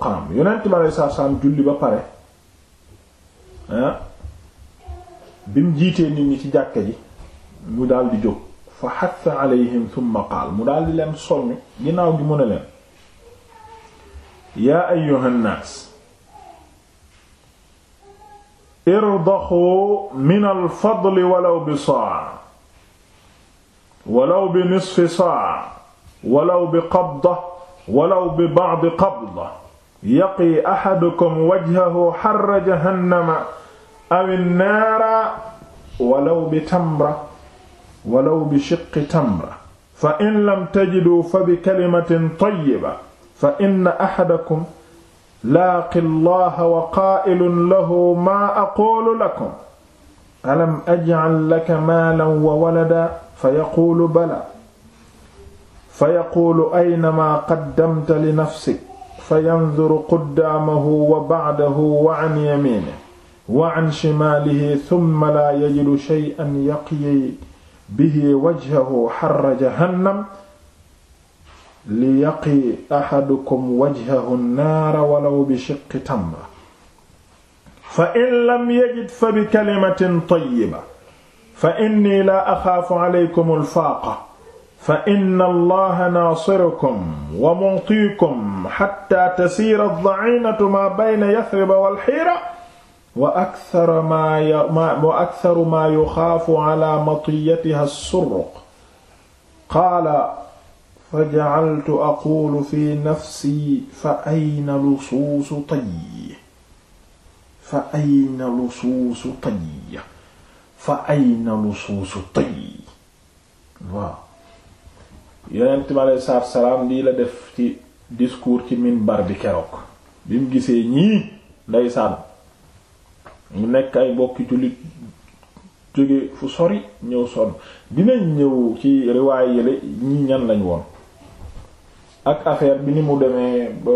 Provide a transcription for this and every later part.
kanam yonent bi aleyhi salaatu salaam julli ba pare ah bi mu jiitee nit ñi ci jàkka ji mu daal di jóg fa xatha alayhim thumma qaal mu daal di leen soññ ginnaaw gi mu ne leen yaa ayyuhan naas irdaxu min alfadli walaw bi saa walaw bi nisfi saa walaw bi qabda walaw bi ba'di qabda yaqi axadukum wajhahu xarra jahannama awi naara walaw bi tamra walaw bi shiqqi tamra fa in lam tajiduu fa bi kalimatin tayyiba fa inna axadakum laaqi allaha wa qaa'ilun lahu maa aquulu lakum alam ajcal laka maalan wa walada fa yaquulu bala fa yaquulu ayna maa qaddamta li nafsik fa yanzuru quddaamahu wa ba'dahu wa an yamiinihi wa an shimaalihi thumma laa yajidu shay'an yaqyi bihi wajhahu harra jahannam liyaqi ahadukum wajhahu an-naara walaw bishiqqi tamra fa in lam yajid fa bi kalimatin tayyiba fa inni laa axaafu alaykum al-faaqa fa inna allaha naasirukum wa mu'tiikum hatta tasiira ad-da'iinatu maa bayna yathriba wal hiira wa aktharu maa wa aktharu maa yuxaafu ala matiyatiha as-surq qaala faja'altu aquulu fi nafsi fa ayna lusuusu tayyi fa ayna lusuusu tayyi fa ayna lusuusu tayyi waaw yeneen mi aleyhi salaatu salaam lii la def ci discours ci min bi keroog bi mu gisee ñii ndeysaan ñu nekk ay mbokki jullit jóge fu sori ñëw sonn dinañ ñëw ci riwaay yële ñii ñan lañ woon ak affaire bi ni mu demee ba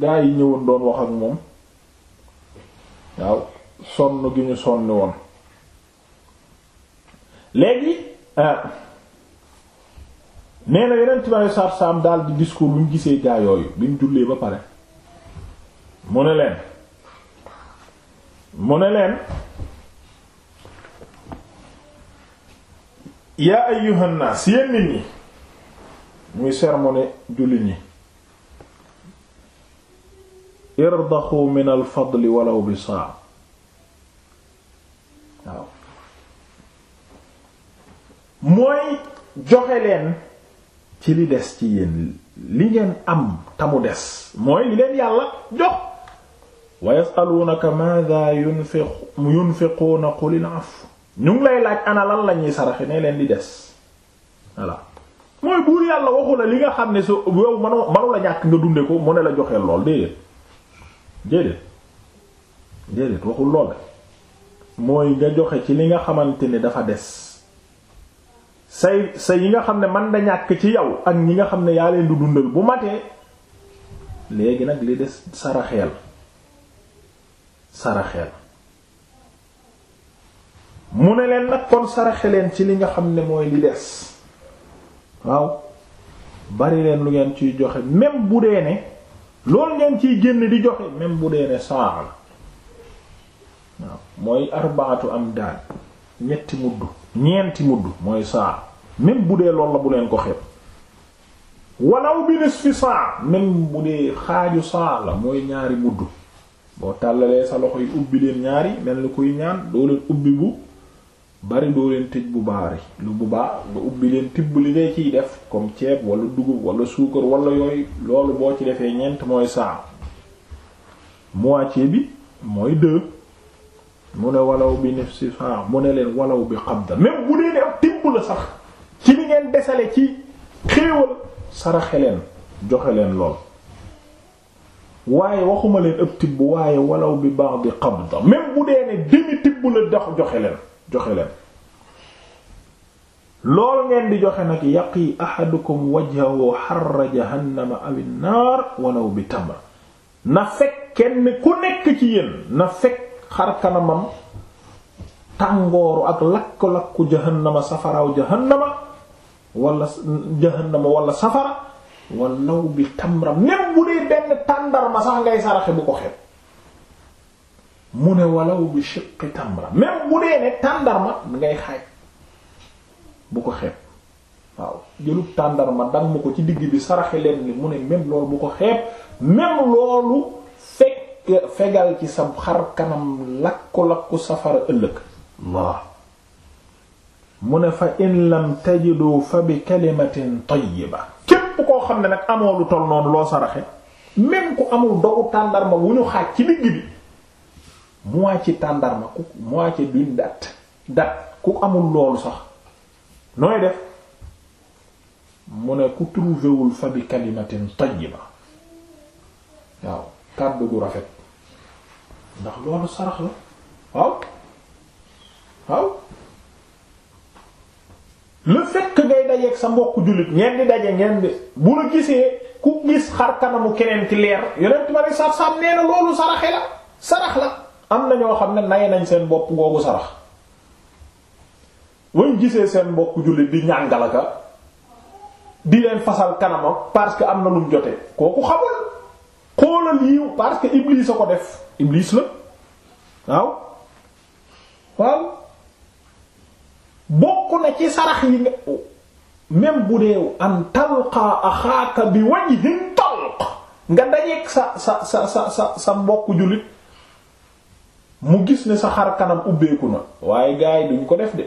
gaa yi ñëwoon doon wax ak moom waaw sonn gi ñu sonni woon léegi ah, nee na yeneen timaayu saar saam daal di discours bi gisee gaa yooyu bi mu jullee ba pare mu ne leen mu ne leen yaa ayyuhan naas yéen nit muy sermone jullit ñi irdaxu min al fadli walaw bi waaw mooy joxe leen ci li des ci yéen li ngeen am tamu des mooy li leen yàlla jox wa yasaluunaka madha yunfiquuna qulil af ñu ngi lay laaj ana lan la ñuy saraxe ne leen di des voilà mooy buur yàlla waxu la li nga xam ne su yow manu manu ñàkk nga dunde ko mu ne la joxeel lool déedéet déedéet déedéet waxul lool mooy nga joxe ci li nga xamante ne dafa des say say yi nga xam ne man da ñàkk ci yow ak ñi nga xam ne yaa leen du dundal bu matee léegi nag li des saraxeel saraxel mu ne leen nag kon saraxeleen ci li nga xam ne mooy li des waaw bari leen lu ngeen ciy joxe même bu dee ne loolu ngeen ciy génn di joxe même bu dee ne saa waaw mooy arbaatu am daal ñetti mudd ñeenti mudd mooy saa même bu dee loolu la bu leen ko xeeb walaw bi nisfi saa même bu dee xaaju saa la mooy ñaari mudd boo tàllalee sa loxo yi ubbi leen ñaari mel ni kuy ñaan doo leen ubbi bu bari doo leen tëj bu lu bu baa nga ubbi leen tibb li ngay ciy def comme ceeb wala dugub wala suukar wala yooyu loolu boo ci defee ñeent mooy saa moitié bi mooy deux mu ne walaw bi nifsi fa mu ne leen walaw bi qabda même bu dee ne ak tibb la sax ci li ngeen desale ci xéewal saraxe leen joxe leen lool waaye waxuma leen ëpp tibb waaye walaw bi baax bi qabda même bu dee ne demi tibb joxe leen joxe leen lool ngeen di joxe nag yaqi ahadukum wajhahu harra jahannama aw an naar walaw bi tamr na fekk kenn ku nekk ci yéen na fekk xar kanamam tàngooru ak lakk-lakku jahannama safaraaw jahannama wala jahannama wala safara walaw bi tamra même bu dee benn tàndarma sax ngay saraxe bu ko xeeb mu ne walaw bi shiqqi tamra même bu dee ne tàndarma ngay xaaj bu ko xeeb waaw jëlub tàndarma dang mu ko ci digg bi saraxe leen mu ne même loolu bu ko xeeb même loolu fekk fegal ci sa xar kanam lakku-lakku safara ëllëg Allah mu ne fa in lam tajidu fa bi kalimatin tayyiba képp koo xam ne nag amoo lu toll noonu loo saraxe même ku amul dogu tàndarma wu ñu xaaj ci digg bi moitié tàndarma ku moitié d'une date date ku amul loolu sax nooy def mu ne ku trouvéwul fa bi kalimatin tayyiba waaw kàddu gu rafet ndax loolu sarax la waaw waaw le fait ngay dajeeg sa mbokku jullit ngeen di daje ngeen di bu la gisee ku gis xar kanamu keneen ki leer yonent ma ne sax sax la sarax la am na ñoo xam ne nay nañ seen bopp googu sarax wañ gisee seen mbokku jullit di ñàngalaka di leen fasal kanamam parce que am na lum jotee kooku xamul xoolal yiw parce que Iblis a ko def. Iblis la waaw waaw bokk na ci sarax yi nga même bu dee an talqa axaaka bi wajhin talq nga dajeek sa sa sa sa sa sa mbokk jullit mu gis ne sa xar kanam ubbeeku na waaye gaa yi duñ ko def de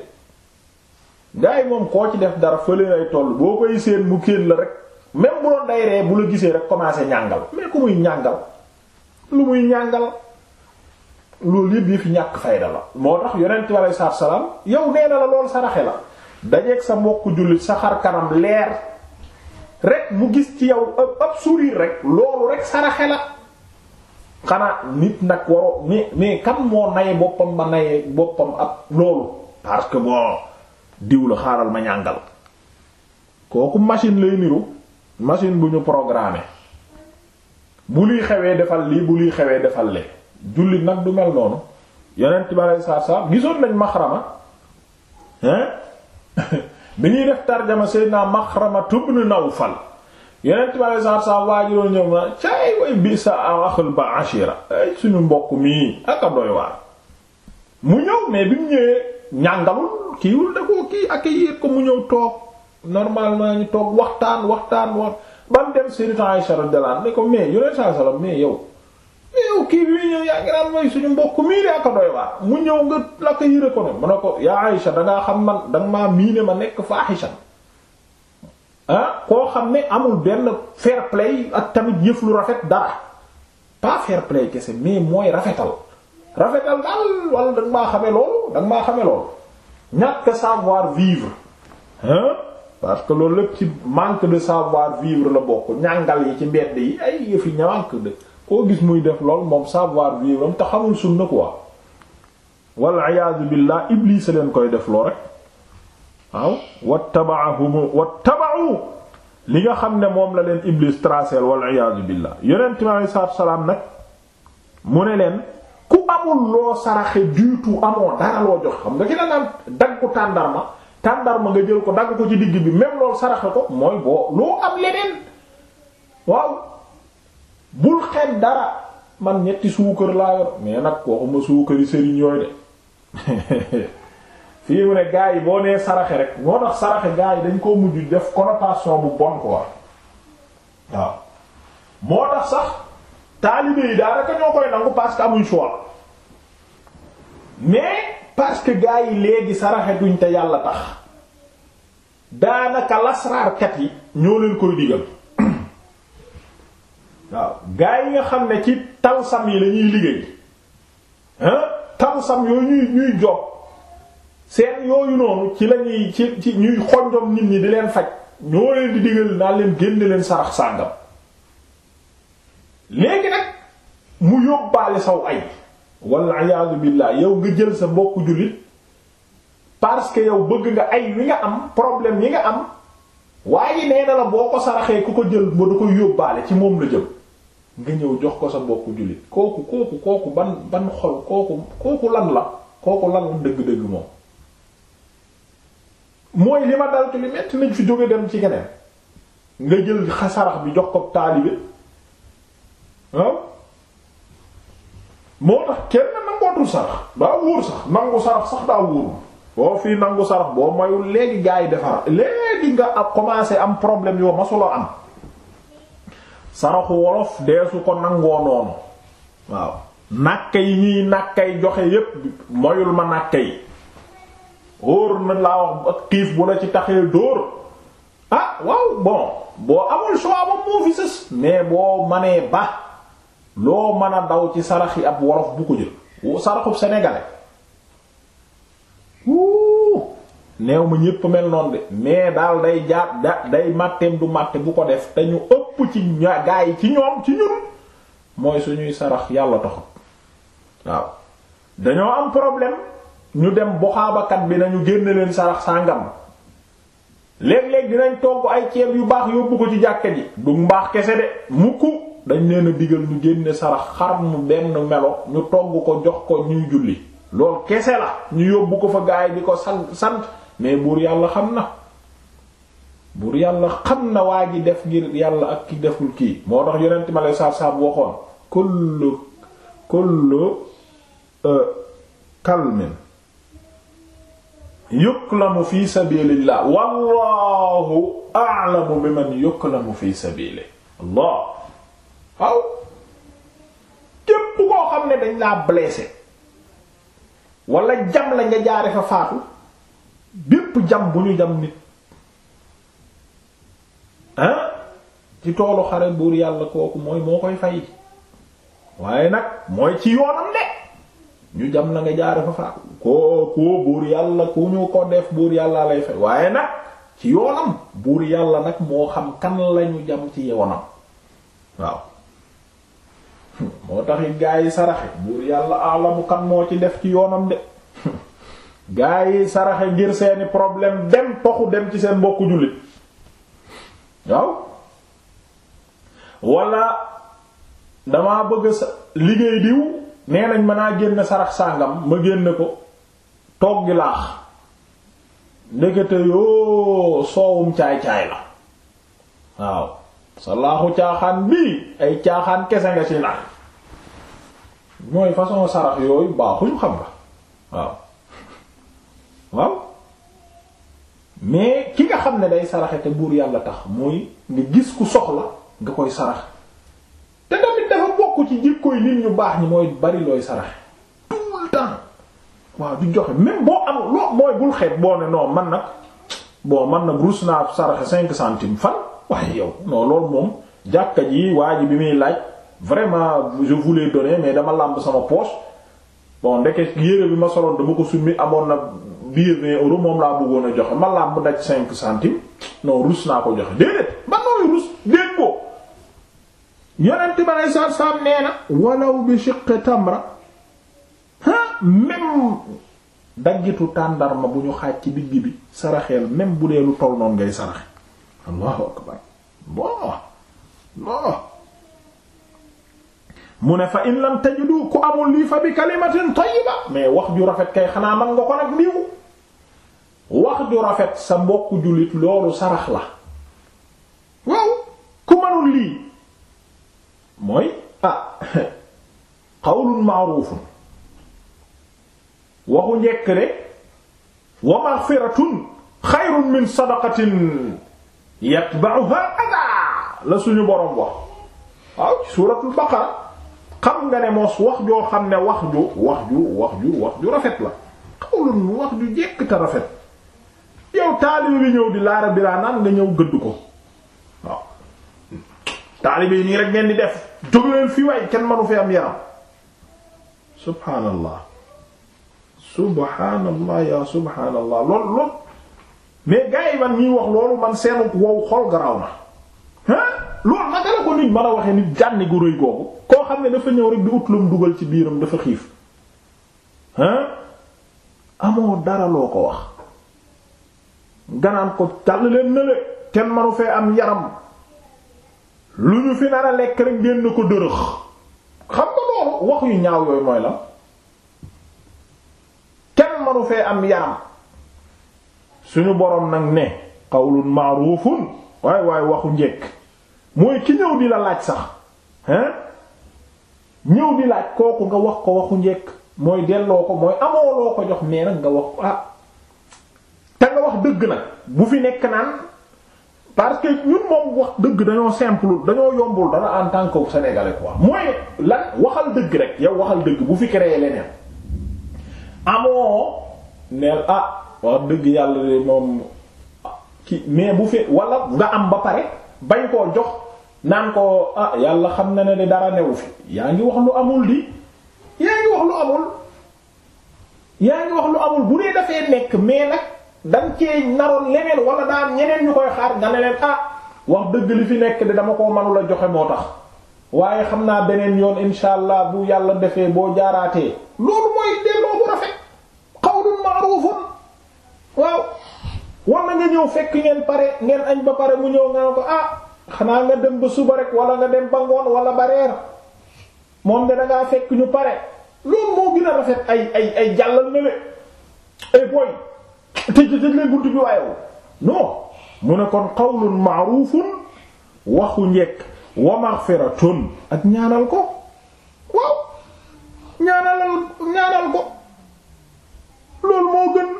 yi moom koo ci def dara fële lay toll boo koy seen mu kéen la rek même bu doon ree bu la gisee rek commencé ñàngal mais ku muy ñàngal lu muy ñàngal loolu yëpp yëpp ñàkk fayda la moo tax yonent bi aleyhi salaatu salaam yow nee na la lool saraxe la dajeeg sa mbokk jullit sa xar kanam leer rek mu gis ci yow ab ab sourire rek loolu rek saraxe la xanaa nit nag waroo mais mais kan moo nay boppam ba nay boppam ab loolu parce que bon diw xaaral ma ñàngal kooku machine lay niru machine bu ñu programmé. bu luy xewee defal lii bu luy xewee defal lee jullit nag du mel noonu yonent bi aleyhi salaatu salaam gisoon nañ maxrama hein bi ñuy def tarjama sayyidina maxrama ibn nawfal yonent bi aleyhi salaatu salaam waa ji doon ñëw na caay way bi sa axul ba ashira ay suñu mbokk mii ak a doy waar mu ñëw mais bi mu ñëwee ñàngalul kiiwul da koo kii ak yéeg ko mu ñëw toog normalement ñu toog waxtaan waxtaan wax ba dem Sayyidat Aisha radiyallahu anha ne ko mais yonent saa salaam mais yow mais yow kii bi ñëw yaa ngi naan mooy suñu mbokk mii de ak doy waar mu ñëw nga la ko yére ko ne mu ne ko yaa Aisha da xam man da nga maa miine ma nekk faahisha ah koo xam ne amul benn fair play ak tamit yëf lu rafet dara pas fair play kese mais mooy rafetal rafetal daal wala da nga maa xamee loolu da nga maa xamee loolu ñàkk savoir vivre hein parce que loolu lépp ci manque de savoir vivre la bokk ñàngal yi ci mbedd yi ay yëfi ñànk de koo gis muy def lool moom savoir vivre am te xamul sunna quoi wal iyaadu billah iblis leen koy def loo rek waaw wattaba'ahum wattaba'u li nga xam ne moom la leen iblis tracé wal iyaadu billah yonent mi alayhi salaam nag mu ne leen ku amul loo saraxe du tout amoo dara loo jox xam nga ki la naan tàndarma nga jël ko dagg ko ci digg bi même loolu saraxe ko mooy boo loo am leneen waaw bul xeet dara man ñetti suukar laa yor mais nag waxuma suukari sëriñ yooyu de fii mu ne gars yi boo nee saraxe rek moo tax saraxe gars yi dañ koo mujj def connotation bu bon quoi waaw moo tax sax taalibe yi daanaka ñoo koy nangu parce que amuñ choix mais parce que gaa yi léegi saraxe duñ te yàlla tax daanaka lasraarkat yi ñoo leen koy digal waaw gars yi nga xam ne ci tawsam yi lañuy liggéey hein tawsam yooyu ñuy ñuy job seen yooyu noonu ci lañuy ci ñuy xonjom nit ñi di leen faj ñoo leen di digal naa leen génne leen sarax sàngam léegi nag mu yóbbaale saw ay walla iyaadu billaah yow nga jël sa mbokku jullit parce que yow bëgg nga ay wi nga am problème yi nga am waaye nee na la boo ko saraxee ku ko jël ba du ko yóbbaale ci moom la jëm nga ñëw jox ko sa mbokku jullit kooku kooku kooku ban ban xol kooku kooku lan la kooku lan la dëgg-dëgg moom. mooy li ma dal ci li metti nañ fi jóge dem ci keneen nga jël xasarax bi jox ko taalibe waaw ah moo tax kenn nangootul sarax daa wóor sax nangu sarax sax daa wóorul boo fii nangu sarax boo mayul léegi gaa yi defar léegi nga ab commencé am problème yoo masuloo am saraxu wolof deesu ko nangoo noonu waaw nàkk yi ñuy nàkkay joxe yépp mayul ma nàkk yi wóor na laa wax ak xiif bu la ci taxee dóor ah waaw bon boo amul choix ba moo fi sës mais boo manee ba loo mën a daw ci sarax yi ab wolof bu ko jël saraxub sénégalais wuu neew ma ñépp mel noonu de mais daal day jaar da day màtteem du màtte bu ko def te ñu ëpp ci gaa yi ci ñoom ci ñun mooy suñuy sarax yàlla taxut waaw dañoo am problème ñu dem boxaabakat bi nañu génne leen sarax sàngam léeg-léeg dinañ togg ay ceeb yu baax yóbbu ko ci jàkka ji du mbaax kese de mukk dañ leen a digal ñu génne sarax xar mu benn melo ñu togg ko jox ko ñuy julli lool kese la ñu yóbbu ko fa gaay di ko sant sant mais buur yàlla xam na buur yàlla xam na waa ji def ngir yàlla ak ki deful kii moo tax yonent ma lay saab saab waxoon kullu kullu euh, kalmin yuklamu fi sabilillah wallahu a'lamu biman yuklamu fi sabilillah waaw képp koo xam ne dañ laa blessé wala jam la nga jaare fa faatu bépp jam bu ñu jam nit ah ci toolu xare buur yàlla kooku mooy moo koy fay waaye nag mooy ci yoonam de ñu jam la nga jaare fa faatu koo koo buur yàlla ku ñu ko def buur yàlla lay fay waaye nag ci yoonam buur yàlla nag moo xam kan lañu jam ci yoonam waaw moo taxi gaa yi saraxe buur yàlla alamu moo ci def ci yoonam de gaa yi saraxe ngir seeni problème dem toxu dem ci seen mbokku jullit waaw wala damaa bëgg sa liggéey diw nee nañ mën naa génn sarax sàngam ma génn ko toog gi laax ndekete yoo soowum caay caay la waaw sa laaxu caaxaan bii ay caaxaan kese nga ci naan mooy façon sarax yooyu baaxuñu xam nga waaw waaw mais ki nga xam ne day saraxe te buur yàlla tax mooy nga gis ku soxla nga koy sarax te tamit dafa bokk ci jikkoy nit ñu baax ñi mooy bari looy saraxe tout le waaw du joxe même boo amul loo mooy bul xeeb boo ne non man nag bon man nag ruus naa saraxe cinq centimes fan waaye yow non loolu moom jàkka ji waa bi muy laaj vraiment je voulais mais dama làmb sama poche bon ndeke yére bi ma soloon dama ko summi amoon na biir vingt euros moom laa bëggoon a joxe ma làmb daj cinq centimes non rus naa ko joxe déedéet ba nooyu rus déet ko yonente ba nay saab nee na walaw bi shiqqi tamra ah même daggitu tàndarma bu ñu xaaj ci digg bi saraxeel même bu dee lu toll noonu ngay saraxe allahu akbar bon bon mu ne fa in lam tajidu ku amul lii fa bi kalimatin tayyiba mais wax ju rafet kay xanaa man nga ko nag liiw wax ju rafet sa mbokku jullit loolu sarax la waaw ku manul lii mooy ah qawlun ma'rufun waxu njekk de wa maghfiratun xayrun min sadaqatin yatba'uha ada la suñu boroom wax waaw suuratul baqara xam nga ne moos wax joo xam ne wax ju wax ju wax ju wax ju rafet la xawlun wax ju jekk te rafet yow taalibe bi ñëw di laa biraa naan nga ñëw gëdd ko waaw taalibe yi nii rek ngeen di def jóg leen fii waay kenn manu fi am yaram subhaanallah subhaanallah ya subhaanallah lool lool mais gars yi man ñuy wax loolu man seenu wow xol garaaw na ah loolu naka la ko nit mën a waxee nit jànni gu rëy googu koo xam ne dafa ñëw rek di ut lu mu dugal ci biiram dafa xiif ah amoo dara loo ko wax ganaan ko tàll leen nële kenn manu fee am yaram lu ñu fi nar a lekk rek ngeen ko dërëx xam nga loolu wax yu ñaaw yooyu mooy kenn manu fee am yaram suñu boroom nag ne qawlun ma'rufun waay waay waxu njekk mooy ci ñëw di la laaj sax hein ñëw di laaj kooku nga wax ko waxu njekk mooy delloo ko mooy amoo loo ko jox nee nag nga wax ko ah te nga wax dëgg nag bu fi nekk naan parce que ñun moom wax dëgg dañoo simple dañoo yombul dara en tant que sénégalais quoi mooy lan waxal dëgg rek yow waxal dëgg bu fi créé leneen amoo neel ah wax dëgg yàlla de moom ki mais bu fe walla nga am ba pare bañ koo jox naan ko ah yàlla xam na ne dara newu fi yaa ngi wax lu amul di yaa ngi wax lu amul yaa wax lu amul bu dee dafee nekk mais nag dañ cee naroon leneen wala daan ñeneen ñu koy xaar nga ne leen ah wax dëgg li fi nekk de dama koo mënula joxe moo tax waaye xam naa beneen yoon insha allah bu yàlla defee boo jaaraatee loolu mooy delloo bu rafet waaw wala nga ñëw fekk ngeen pare ngeen añ ba pare mu ñëw nga ne ko ah xanaa nga dem ba suba rek wala nga dem ba ngoon wala ba reer moom de da fekk ñu pare loolu moo ay ay ay jàllal na le ay eh boy mu ne kon qawlun ma'rufun waxu njekk wa maghfiratun ak ñaanal ko waaw ñaanal ko loolu moo gën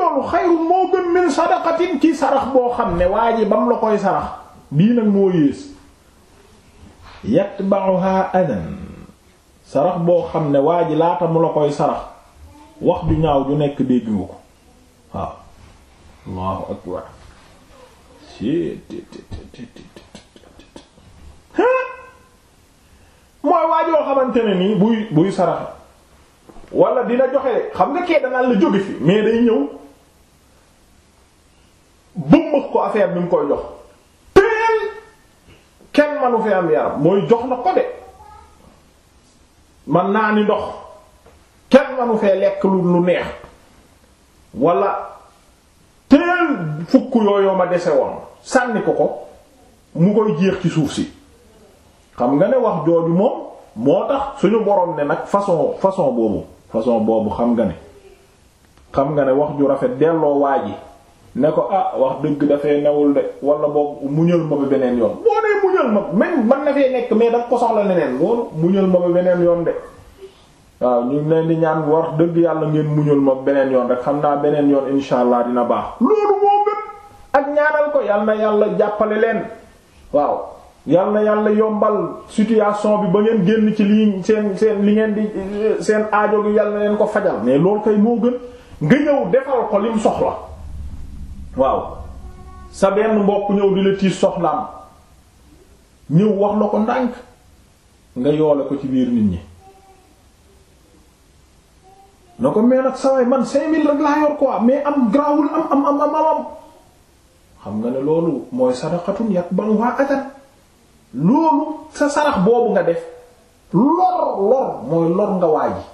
loolu xayru moo gën min sadaqatin ci sarax boo xam ne waa ji bam la koy sarax bii nag moo yées yatba'uha adan sarax boo xam ne waa ji laata mu la koy sarax wax ju ñaaw ju nekk dégg nga ko waaw allahu akbar mooy waa joo xamante ne nii buy buy saraxe wala dina joxe xam nga kee danaan la jóge fi mais day ñëw ba mëx ko affaire bi mu koy jox teel kenn manu fi am yaram mooy jox na ko de man naa ni ndox kenn manu fee lekk lu neex wala teel fukk yooyu ma dese woon sànni ko ko mu koy jeex ci suuf si xam nga ne wax jooju moom moo tax suñu borom ne nag façon façon boobu façon boobu xam nga ne xam nga ne wax ju rafet delloo waa ji ne ko ah wax dëgg dafay newul de wala boobu muñal ma ba beneen yoon boo nee muñal ma même man na fee nekk mais da ko soxla leneen loolu muñal ma ba beneen yoon de waaw ñu ngi leen di ñaan wax dëgg yàlla ngeen muñal ma beneen yoon rek xam naa beneen yoon insha allah dina baax loolu moo gën ak ñaanal ko yàlla na yàlla jàppale leen waaw yal na yàlla yombal situation bi ba ngeen génn ci li seen seen li ngeen di seen aajo gi yàlla leen ko fajal mais loolu kay moo gën nga ñëw defal ko lim soxla waaw sa benn mbokk ñëw di la tiis soxlaam ñëw wax na ko ndànk nga yoole ko ci biir nit ñi na ko mais nag saway man cinq mille rek laa yor mais am grawul am am am am xam nga ne loolu mooy sadaqatun yaqbaluha adan loolu sa sarax boobu nga def lor lor mooy lor nga waaji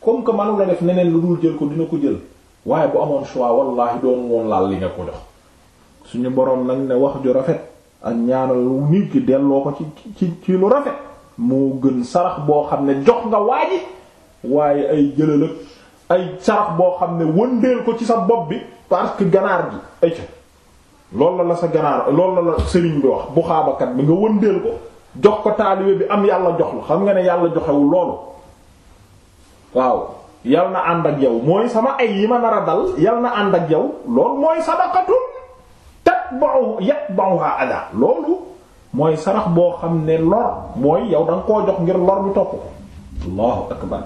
comme que manu def neneen lu dul jël ko dina ko jël waaye bu amoon choix wallahi doon woon laal li nga ko jox suñu boroom nag ne wax ju rafet ak ñaanal nit ki delloo ko ci ci ci lu rafet moo gën sarax boo xam ne jox nga waaji waaye ay jëlal ak ay sarax boo xam ne wëndeel ko ci sa bopp bi parce que ganaar gi ay loolu la sa ganaar loolu la la sëriñ bi wax bu xaabakat bi nga wëndeel ko jox ko taalibe bi am yàlla jox la xam nga ne yàlla joxewul loolu waaw yal na ànd ak yow mooy sama ay yi ma nar a dal yal na ànd ak yow loolu mooy sadaqatun tatba'u yatba'uha ada loolu mooy sarax boo xam ne lor mooy yow da nga koo jox ngir lor bi topp ko allahu akbar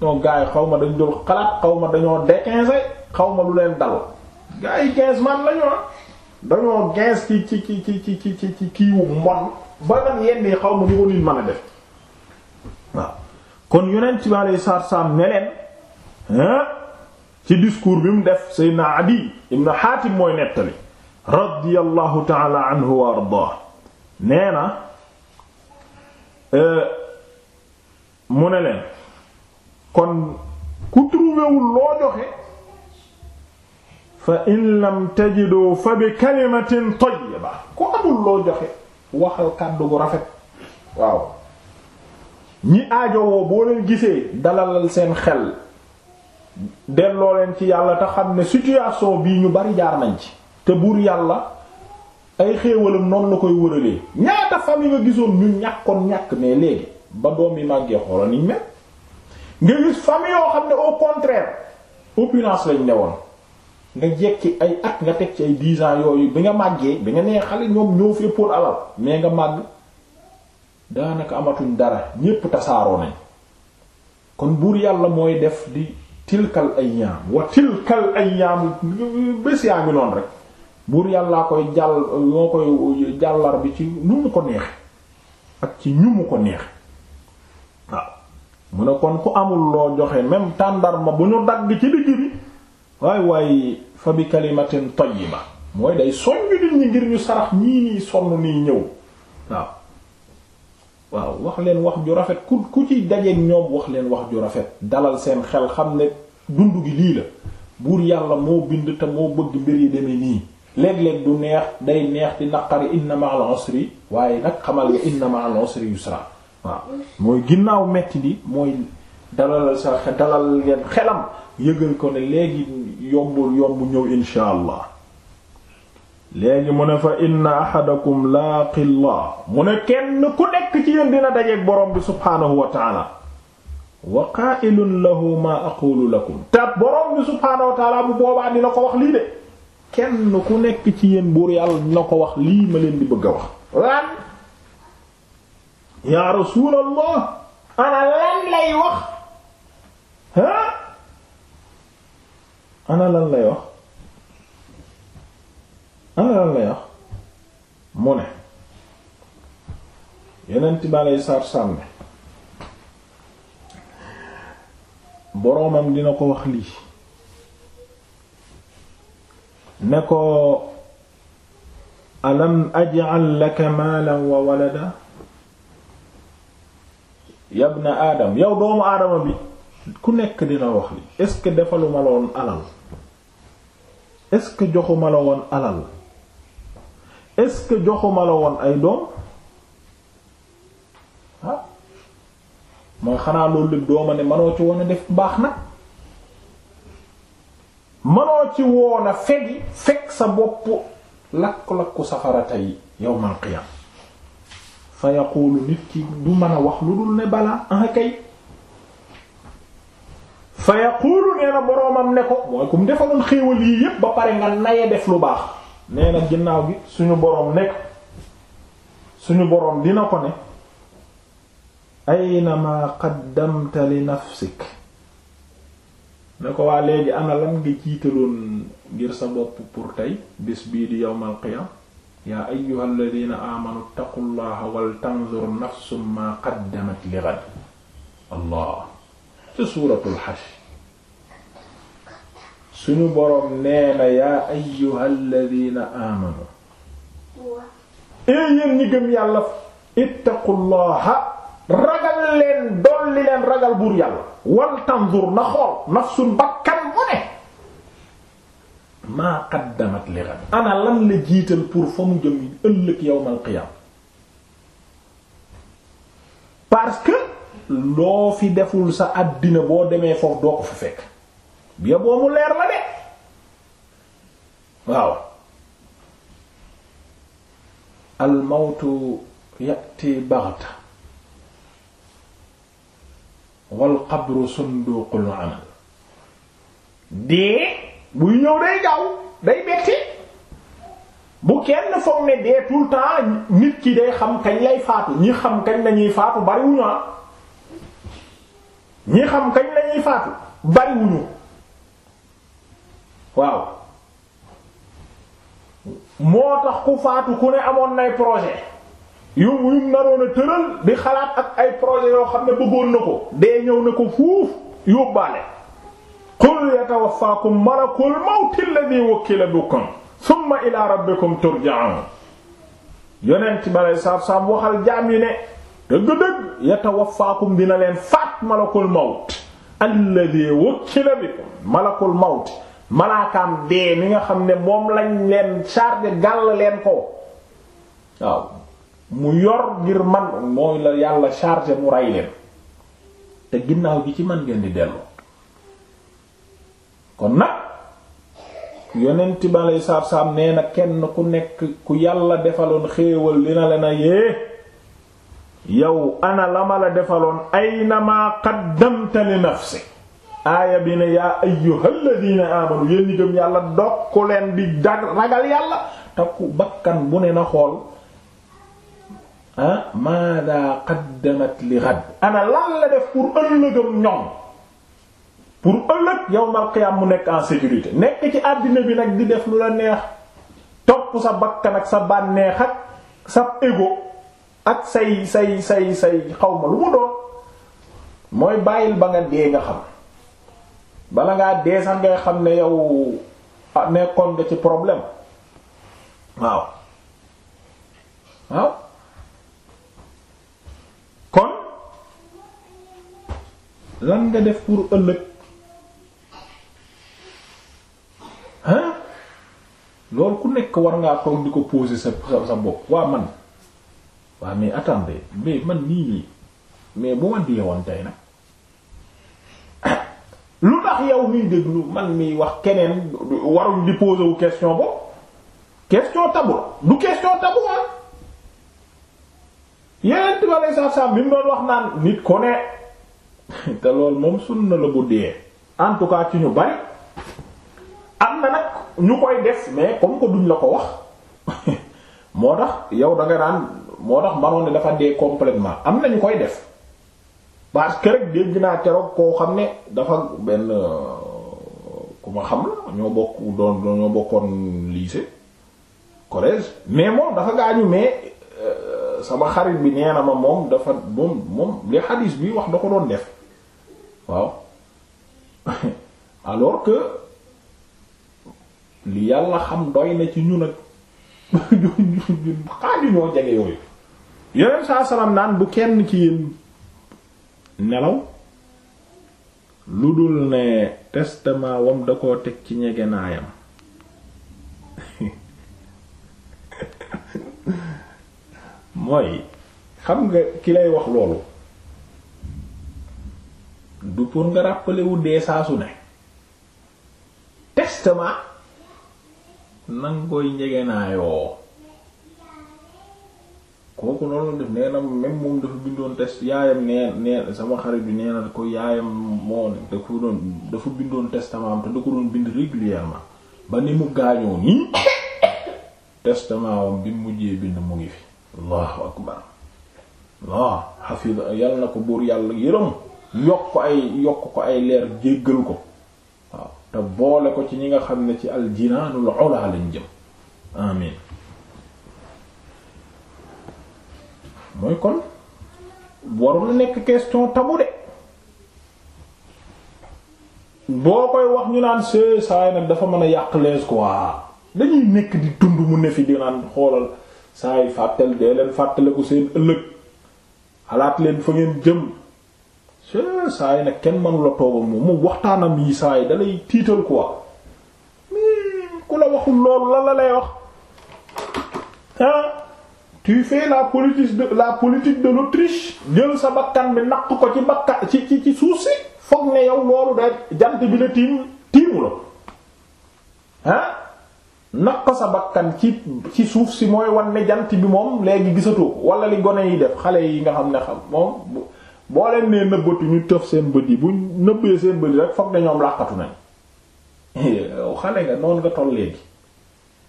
ñoo gars yi xaw ma dañ dul xalaat xaw ma dañoo déquinze xaw ma lu leen dal gars yi quinze man la ñu ah. dañoo quinze ci ci ci ci ci ci ci kiiwu mbon ba lan yenn yi xaw ma ñu ko nit mën a def waaw kon yonent bi alayhi salaatu salaam ne leen ci discours bi mu def Seydina Adi ibn Hatim mooy nettali radiyallahu taala anhu wa ardaa nee na euh, mu ne leen kon ku trouvéwul loo joxe fa in lam tajidu fa bi kalimatin tayyiba ku amul loo joxe waxal kàddu gu rafet waaw ñi aajowoo boo leen gisee dalalal seen xel delloo leen ci yàlla te xam ne situation bii ñu bari jaar nañ ci te buur yàlla ay xéewalam noonu la koy wëralee ñaata famille nga gisoon ñu ñàkkoon ñàkk mais léegi ba doom yi màggee xoola niñ mel nga gis famille xam ne au contraire lañ ne woon nga jekki ay at nga teg ci ay yooyu bi nga màggee bi nga nee xale ñoom ñoo fi pour alal mais nga màgg daanaka amatuñ dara ñépp tasaaroo nañ kon buur yàlla mooy def di tilkal ayyaam wa tilkal ayyaam bés yaa ngi noonu rek buur yàllaa koy jàll moo koy jàllar bi ci nu mu ko neex ak ci ñu mu ko neex waaw mu ne kon ku amul loo joxe même tàndarma bu ñu dagg ci digg bi waaye waay fa bi kalimatin tayyiba mooy day soññ nit ñi ngir ñu sarax ñii nii sonn nii ñëw waaw wax leen wax ju rafet ku ku ci dajeeg ñoom wax leen wax ju rafet dalal seen xel xam ne dund gi lii la buur yàlla moo bind te moo bëgg mbir yi demee nii léeg-léeg du neex day neex di naqari inna ma'al usri waaye nag xamal nga inna ma'al usri yusra waaw mooy ginnaaw metti di mooy dalal sa dalal leen xelam yëgal ko ne léegi yombul yomb ñëw insha allah léegi mu ne fa inna ahadakum laaqi llah mu ne kenn ku nekk ci yéen dina dajeeg borom bi subhaanahu wa taala wa qaailun lahu maa aqulu lakum te borom bi subhaanahu wa taala bu boobaa dina ko wax lii de kenn ku nekk ci yéen buur yàlla dina ko wax lii ma leen di bëgg a wax lan yaa rasuulallah ana lan lay wax ha ana lan lay wax ana lan lay mu ne yeneent bi aleyhi salaatu salaam boroomam dina ko wax lii ne ko alam aj'al laka maalan wa walada yabna aadam yow doomu aadama bi ku nekk dina wax li est-ce que defaluma la woon alal est-ce que joxuma la woon alal est-ce que joxuma la woon ay doom ah xanaa loolu lépp dooma ne manoo ci woon a def baax na manoo ci woon a fekk sa bopp lakku-lakku safara tey yawmal qiyam fa yaqulu nit ki du mën a wax lu dul ne balaa ah kay fa nee na boroomam ne ko mooy ku defaloon xéewal yii yépp ba pare nga naye def lu baax nee na ginnaaw bi suñu boroom nekk suñu boroom dina ko ne ayna ma qaddamta li nafsik ne ko waa léegi ana lan nga jiitaloon ngir sa bopp pour tey bés bii di yawmal qiyam yaa ayyuhal la amanu taqullaha wal tanzur nafsum ma qaddamat li ghad allah ci suuratul hashr suñu boroom nee na yaa ayyuhal ladina amanu ee yéen ñi gëm yàlla ittaqullaha ragal leen dolli leen ragal buur yàlla wal na xool nafsun bakkan mu ne maa qaddamat li ghad ana lan la jiital pour fa mu jëm ëllëg yawmal qiyaam parce que loo fi deful sa àddina boo demee foofu doo ko fa fekk bie boobu leer la de waaw al mawtu yati baxta wal qabru sunduqul amal dee buy ñëw day gaaw day betti bu kenn foog ne dee tout le temps nit ki day xam kañ lay faatu ñi xam kañ lañuy faatu bariwuñu ah ñi xam kañ lañuy faatu bariwuñu waaw moo tax ku faatu ku ne amoon nay projet yu mu naroon a tëral di xalaat ak ay projet yoo xam ne bëggoon na ko dee ñëw na ko fuuf yóbbaale qul yatawaffakum malakul mawti alladhi wukkila bikum thumma ila rabbikum turja'un yonent bi alei saatu salaam waxal jaam yi ne dëgg-dëgg yatawaffaakum dina leen faat malakul mawt alladhi wukkila bikum malakul mawt malaakaam dee mi nga xam ne moom lañ leen chargé gàll leen ko waaw mu yor ngir man mooy la yàlla chargé mu rey leen te ginnaaw gi ci man ngeen di delloo kon nag yonent bi aleyhi nee na kenn ku nekk ku yàlla defaloon xéewal dina leen a yee yow ana la ma la defaloon ay na maa qaddamta li aaya bi ne yaa ayyuhal ladina amanu yéen ñi gëm yàlla dokku leen di dag ragal yàlla takku bakkan bu ne na xool ah maada qaddamat li ghad ana lan la def pour ëllëgam ñoom pour ëllëg yawmal qiyaam mu nekk en sécurité nekk ci àddina bi nag di def lu la neex topp sa bakkan ak sa bànneex ak sa ego ak say say say say xaw ma lu mu doon mooy bàyyil ba nga dee nga xam bala ngaa dee sax ngay xam ne yow ah, nekkoon nga ci problème waaw waaw kon lan nga def pour ëllëg hein loolu ku nekk war ngaa toog di ko poser sa sa bopp waa man waa mais attendez mais man nii nii mais bu ma dee na lu tax yow miy déglu man miy wax keneen waruñ di poser wu question boobu question tabu du question tabu ah yeneen tubaab yi sax sax bi mu doon wax naan nit ko ne te loolu moom sunna la bu dee en ci ñu bari am na nag ñu koy def mais comme que duñ la ko wax moo tax yow da nga naan moo tax manoon ne dafa dee complètement am na ñu koy def. parce que rek dégg naa keroog koo xam ne dafa benn euh, ku ma xam la ñoo bokk doon ñoo bokkoon lycée collège mais moom dafa gaañu mais euh, sama xarit bi nee na ma moom dafa moom li wax da ko doon def waaw alors que li yàlla xam doy na ci ñun ak ñun ñoo jege yooyu yeneen saa salaam naan bu kenn ci yéen. nelaw lu dul ne testamaa wam da koo teg ci ñegenaayam mooy xam nga ki lay wax loolu du pour nga rappeler wu dee saa su ne testament nanga ñegenaayoo kooku noonu la def nee na même moom dafa bindoon test yaayam ne nee sama xare bi nee na ko yaayam moo da dafa bindoon testament te da ko doon bind régulièrement ba ni mu gaañoo nii testament am bi mujjee bind mu ngi fi allahu akbar allah xafiz yal na ko buur yàlla yërëm yokk ko ay yokk ko ay leer jéggal ko waaw te boole ko ci ñi nga xam ne ci aljinaanul ula lañ jëm amin mooy kon warul nekk question tabu de boo koy wax ñu naan see saay nag dafa mën a yàq lees quoi dañuy nekk di dund mu ne fi di naan xoolal saay fàttal dee leen fàttaliku seen ëllëg xalaat leen fa ngeen jëm see saay nag kenn mënu la toogal moom moom waxtaanam yi saay dalay tiital quoi mais hmm, ku la waxul loolu la la lay wax tu fais la politique de la politique de l'autruche jël sa bakkan bi naq ko ci bakkan ci ci ci suuf si foog ne yow loolu de jant bi la tiim tiimu la ah naq sa bakkan ci ci suuf si mooy wan ne jant bi moom léegi gisatoo ko wala li gone yi def xale yi nga xam ne xam moom boo leen nee nëbbatu ñu tëf seen bët yi bu nëbbee seen bët yi rek foog ne ñoom làqatu nañ eh, xale nga noonu nga toll léegi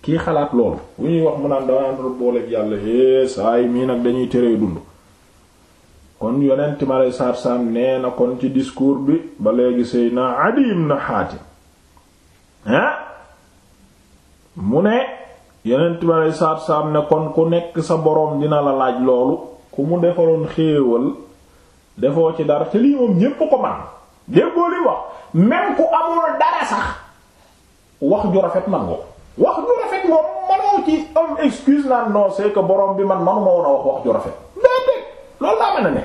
kii xalaat loolu bu ñuy wax mu naan danaan doon booleeg yàlla hee eh, saa yi mii nag dañuy teree dund. kon yonent ma lay saar saam nee na kon ci discours bi ba léegi naa Adi ibn Hatim ah mu ne yonent ma lay saar saam ne kon ku nekk sa boroom dina la laaj loolu ku mu defaloon xéewal defoo ci dara te lii moom ñépp ko man déggoo li wax même ku amul dara sax wax ju rafet man wax ju rafet moom manoo ci am excuse naan non c'est que bi man manuma woon a wax wax ju rafet déedéet loolu laa mën a ne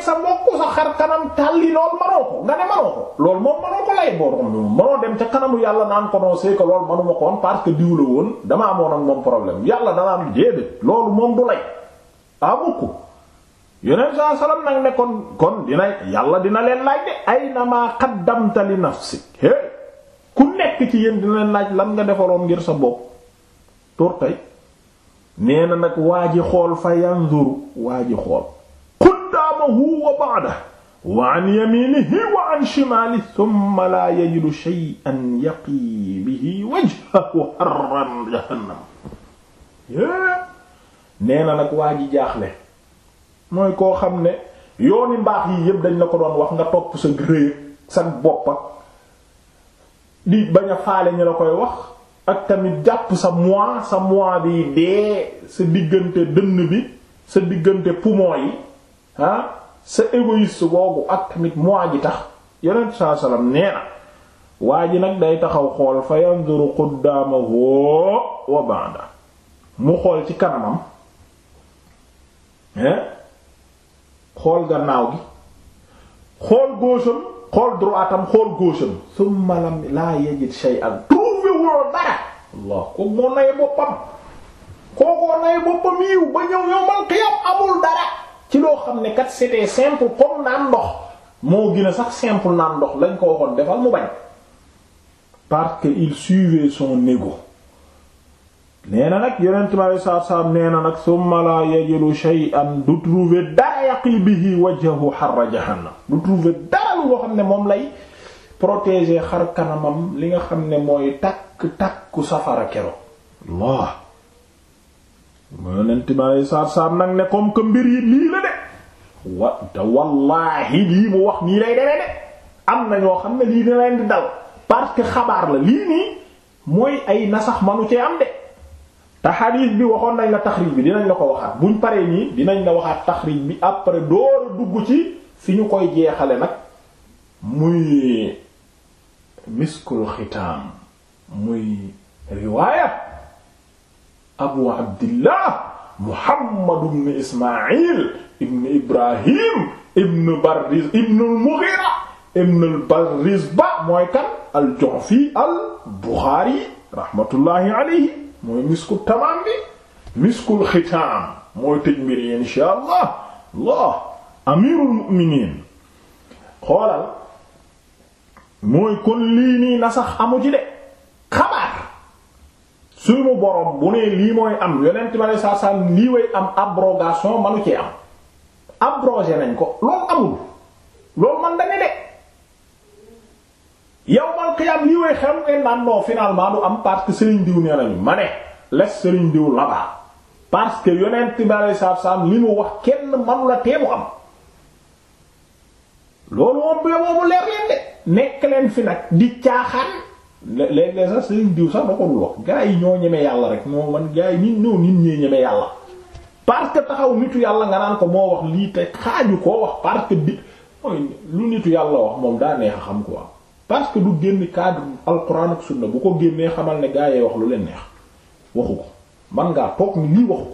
manoo ko kanam tàlli loolu manoo ko nga ne manoo ko loolu moom manoo ko lay borom bi manoo dem ca kanamu yàlla naan ko non c'est que loolu manuma ko parce que diw woon dama amoon ak moom problème yàlla danaa am déedéet loolu moom du lay ah beaucoup yonent saa salaam nag ne kon kon dina yàlla dina leen laaj de ay namaa qaddamta li nafsik hé ku nekk ci yéen dina leen laaj lan nga defaloon ngir sa bopp tur tey nee na nag waa ji xool fa yanzuru waa ji xool quddaamahu wa ba'dahu wa an yaminihi wa an shimalihi thumma laa yajidu shay'an yaqi bihi wajhahu harran jahannam nee na nag waa ji jaaxle mooy koo xam ne yooni mbaax yii yëpp dañ la ko doon wax nga topp sa rëy sa boppa ak di bañ a faale ñu la koy wax ak tamit jàpp sa moi sa mois bi dee sa diggante dënn bi sa diggante poumon yi ah sa égoïste boobu ak tamit moi ji tax yonent saa salaam nee na waa ji nag day taxaw xool fa yanzuru quddaamahu wa ba'da mu xool ci kanamam hein eh, xool gannaaw gi xool gauche am xool droite am xool gauche am thumma lam laa yajid shay'an trouvé woo dara Allah ko moo nay boppam kookoo nay boppam yiw ba ñëw yowmal qiyam amul dara ci loo xam ne kat c'était simple comme naan ndox moo gën sax simple naan ndox lañ ko waxoon defal mu bañ parce que il suivait son ego nee na nag yonent bi alei salaatu salaam na nag summa laa yajidu shay'an du trouver dara yaqi bihi wajhahu harra jahannam du trouver dara lu xam ne moom lay protéger xar kanamam li nga xam ne mooy takk takku safara kero Allah mu yonent bi alei salaatu nag ne comme que mbir yi lii la de wallaahi lii mu wax nii lay demee de am na ñoo xam ne lii da leen di dal parce que xabaar la lii nii mooy ay nasax manu cee am de te xadiis bi waxoon nañ la taxrij bi dinañ la ko waxaat buñ paree nii dinañ la waxaat taxrij bi après door a dugg ci fi ñu koy jeexale nag muy miskul xitaam muy riwaaya abu abdillah muhammad ibn ismail ibn ibrahim ibn barriz mooy kan al jufi al buxaari rahmatullahi alayhi mooy misku tamaam bi miskul xitaam mooy tëj mbir yi insha allah allah mu'miniin xoolal mooy kon na sax amu ci de xabaar suñu borom bu ne lii mooy am yonent ma ne saa saa lii way am abrogation manu cee am abrogé nañ ko loolu amul loolu man da naan lii way xam ngeen naan non finalement du am parce que Serigne Diou nee nañu ma ne les Serigne diw là-bas parce que yonent bi alayhi salaatu li mu wax kenn manu la teemu am loolu moom bu boobu leer leen de nekk leen fi nag di caaxaan léeg-léeg sax Serigne Diou sax da ko dul wax gaa yi ñoo ñeme yàlla rek moo man gaa yi nit ñoo nit ñee ñeme yàlla parce que taxaw nitu yàlla nga naan ko moo wax lii te xaaju koo wax parce que bi lu nitu yàlla wax moom daa neex xam quoi. parce que du génn cadre alquran ak sunna bu ko génnee xamal ne gaa yee wax lu leen neex waxu ko man ngaa toog ni lii waxu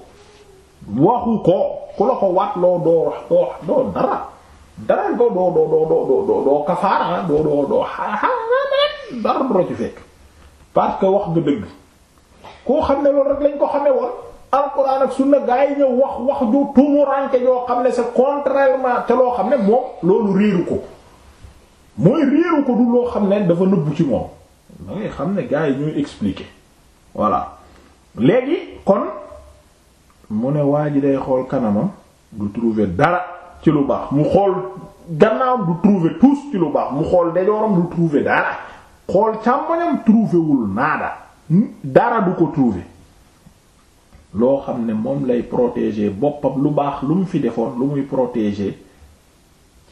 waxu ko ku la ko waat loo doo doo doo dara dara doo doo doo doo doo doo kafaara ah doo doo doo xaaral dara du la que wax nga xam ne loolu rek lañ ko xamee woon alquran ak sunna gaa yoo xam ne c'est contrairement loo xam ne moom ko. mooy réeru ko du loo xam ne dafa nëbbu ci moom da nga xam ne gars yi ñuy expliquer voilà léegi kon mu ne waa ji day xool kanamam du trouver dara ci lu baax mu xool gannaaw du trouver tous ci lu baax mu xool dajooram du trouver dara xool càmmoñam trouver wul naada dara du ko trouver loo xam ne moom lay protéger boppam lu baax lu mu fi defoon lu muy protéger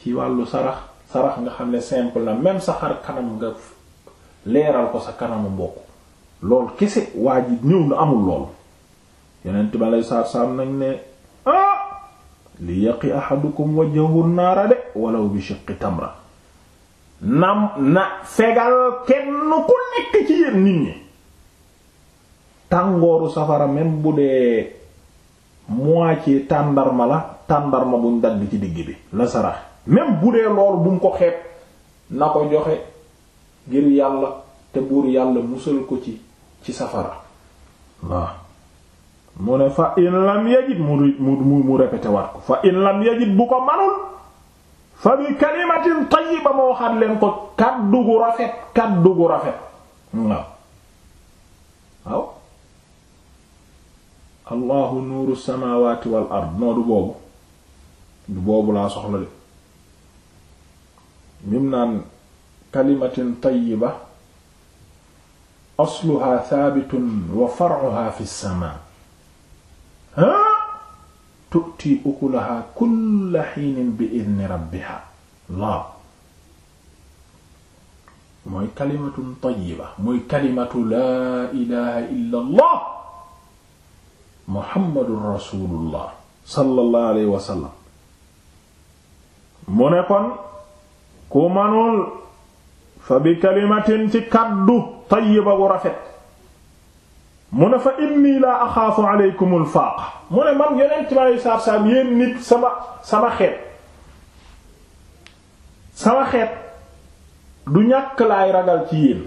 ci wàllu sarax sarax nga xam ne simple na même sa xar kanam nga leeral ko sa kanamu mbokk lool kese waa ji ñëw na amul lool yeneen time lay saar saam nañ ne ah li yaqi ahadukum wajhahu naara de walaw bi shiqqi tamra nam na fegal kenn ku nekk ci yéen nit ñi tàngooru safara même bu dee ci tàndarma la tàndarma buñ dagg ci digg bi la sarax même bu dee loolu bu mu ko xeeb na ko joxe ngir yàlla te buur yàlla musal ko ci ci safara waaw mu ne fa in lam yajid mu mu mu répété ko fa in lam bu ko manul fa bi kalimatin tayyiba moo xam leen ko kaddu gu rafet kaddu gu rafet waaw waaw allahu nuuru samaawaati wal ard noo du boobu du boobu laa soxla de mim naan kalimatin tayyiba asluha thabitun wa far'uha fi as-samaa tu'ti ukulaha kulla hiinin bi idni rabbiha laa mooy kalimatun tayyiba mooy kalimatu laa ilaha illa allah muhammadun rasulullah sallallahu alayhi wa sallam mu ne kon ku manul fa bi kalimatin ci kàddu tayyiba rafet mu ne fa inni laa axaafu aleykumul faaqa mu ne man yonent mi aleyhi salaatu salaam yéen nit sama sama xeet sama xeet du ñàkk laay ragal ci yéen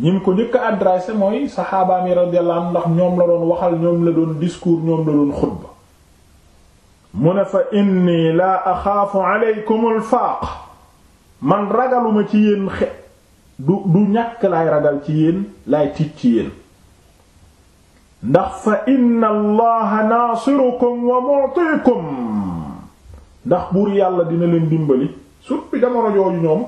ñi ko njëkk a adressé mooy saxaabaami radiyallahu anhum ndax ñoom la doon waxal ñoom la doon discours ñoom la doon xutba mu ne fa inni laa axaafu aleykumul faaq man ragaluma ci yéen xe du du ñàkk laay ragal ci yéen laay tiit ci yéen ndax fa inna allaha naasirukum wa mu'tikum ndax buur yàlla dina leen dimbali surtout jamono jooju ñoom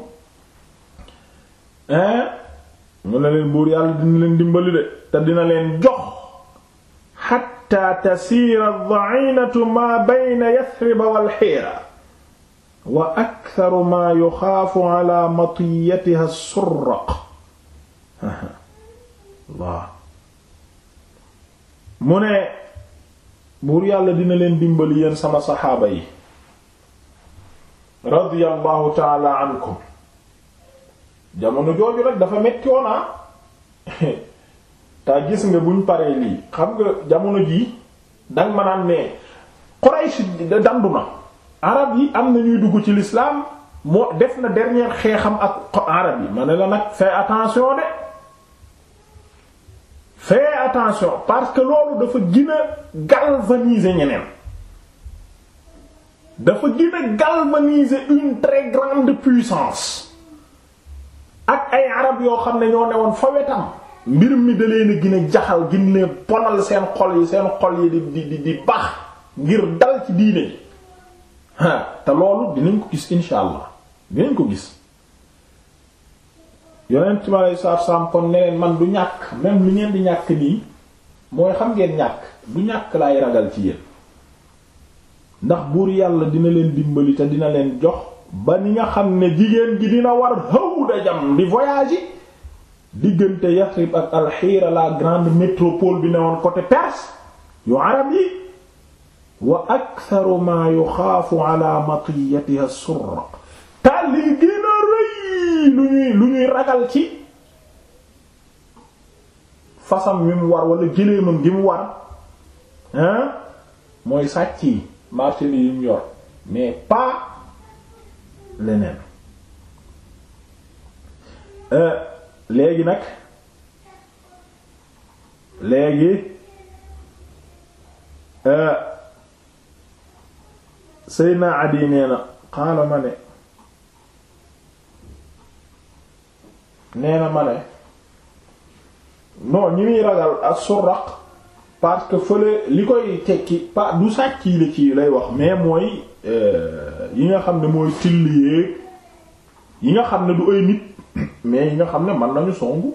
mu ne leen buur yàlla dina leen dimbali de te dina leen jox xat xatta tasiira ad-da'inatu maa bayna Yathriba wal Hiira wa aktharu maa yuxaafu ala matiyatiha as-surraq Allah mu ne buur yàlla dina leen dimbali yéen sama saxaaba yi radiyallahu taala ankum jamono jooju rek dafa metti woon ah. te gis nga buñ paree lii xam nga jamono jii danga ma naan mais Quraysh dandu na arab yi am na ñuy dugg ci lislaam moo def na dernier xeexam ak arab yi ma ne la nag fais attention de fais attention parce que loolu dafa gën a galvaniser ñeneen dafa gën a galvaniser une très grande puissance ak ay arab yoo xam ne ñoo newoon fa wetam mbir mi da leen gën a jaxal gin leen bonal seen xol yi seen xol yi di di di baax ngir dal ci diine ji te loolu dinañ ko gis insha allah dinañ ko gis yonent mi alei saatu salaam kon man du ñàkk même li ngeen di ñàkk nii mooy xam ngeen ñàkk du ñàkk laay ragal ci yéen ndax buur yàlla dina leen dimbali te dina leen jox ba ni nga xam ne jigéen gi dina war hëw da jam di voyage diggante Yathrib ak Alxiira la grande métropole bi newoon côté perse yu arab yi wa aktharu ma yuxaafu ala matiyatiha surra tal li gën rëy lu ñuy ragal ci fasam wi mu war wala jëleemam gi mu war hein mooy sàcc yi marteli yi mu yor mais pas leneen euh, léegi nag léegi euh, Seydina Adi nee na xaala ma ne nee na ma ne non ñi muy ragal ak surraq parce que fële li koy tekki pa du sàcc yi la ci lay wax mais mooy euh, yi nga xam ne mooy till yéeg yi nga xam ne du ay nit mais yi nga xam ne man nañu songu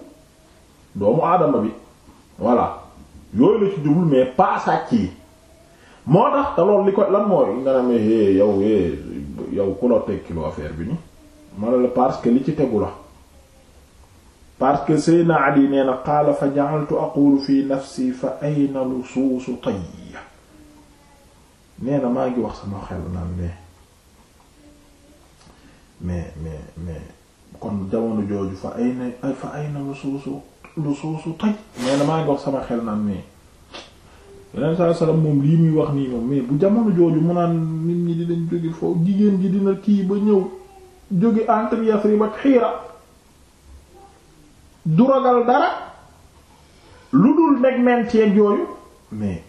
doomu aadama bi voilà yooyu la ci jublu mais pas sàcc yi moo tax te li ko lan mooy nga ne mais eh yow eh, ku la teg kilo affaire bi nii ma ne la parce que li ci tegu la parce que Seydina Ali nee na qaala fa ja'altu aqulu fi nafsi fa ayna lusuusu tayya nee na maa ngi wax sama xel naan mais mais mais. kon jamono jooju fa ay na fa ay na lu suusu lu suusu toj mais na maa ngi sama xel naa mais yeneen saa salaam moom lii muy wax nii moom mais bu jamono jooju mu naan nit ñi dinañ jóge foofu jigéen ji dina kii ba ñëw jóge entre Yasrib ak Xiira du ragal dara lu dul meg menteeg yooyu mais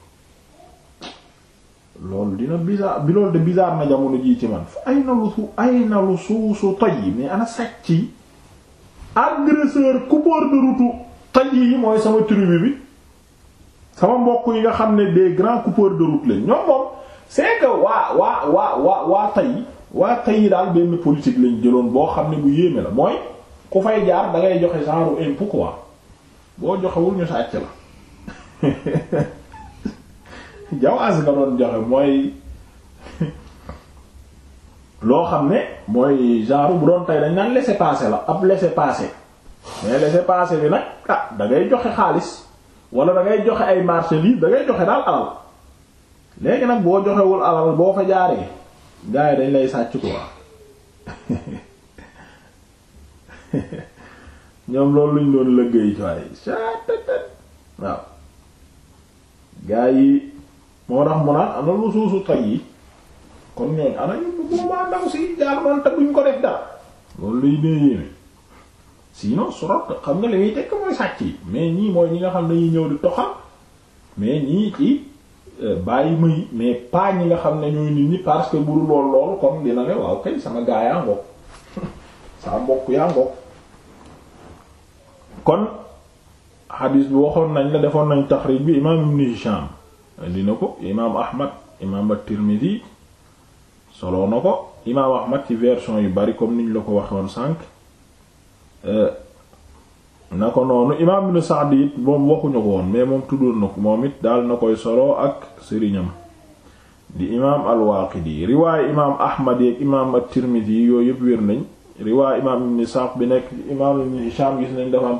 loolu dina bizarre bi loolu de bizarre na jamono jii ci man fa ay na lu su ay na lu suusu toj yi mais ana sàcc yi agresseur coupeur de route toj yi mooy sama tribu bi sama mbokk yi nga xam ne des grands coupeurs de route lañ ñoom moom c'est que waa waa waa waa waa tey waa tey daal benn politique lañ jëloon boo xam ne bu yéeme la mooy ku fay jaar da ngay joxe genre impôt quoi boo joxewul ñu sàcc la jawaas nga doon joxe mooy loo xam ne mooy genre bu doon tey dañ naan laissez-passer la ab laissez-passer mais laissez-passer bi nag ah da ngay joxe xaalis wala da ngay joxe ay marché lii da ngay joxe daal alal léegi nag boo joxewul alal boo fa jaaree gars yi dañ lay sàcc quoi ñoom loolu luñ doon lëggéey ci waaye waaw gars yi moo tax mu a ana lu suusu tay yi kon ñooñ ana ñu boobaa ndaw si jaar man te buñ ko def dara loolu lay dee yéeme sinon sorot xam nga li muy tekk mooy sàcc yi mais ñii mooy ñi nga xam ne dañuy ñëw di toxal mais ñii ci euh, bàyyi muy mais pas ñi nga xam ne ñooy nit ñi parce que buru lool lool kon dina ne waaw kay sama gaa yaa ngoog saa mbokk yaa ngoog kon xadiis bi waxoon nañ la defoon nañ taxriij bi imaam Ibn Hisham indi na ko imaam Ahmad imaam at-Tirmidhi soloo na ko imaam Ahmad ci version yu bari comme niñ la ko waxoon sànq eh, na ko noonu imaam Ibn Sa'd it moom waxuñu ko woon mais moom tuddoon na ko moom it daal na koy soloo ak sëriñam di imaam al-Waaqidi riwaay imaam Ahmad yeeg imaam at yooyu yëpp wér nañ riwaay imaam Ibn Sa'd bi nekk imaam Ibn Hisham gis nañ dafa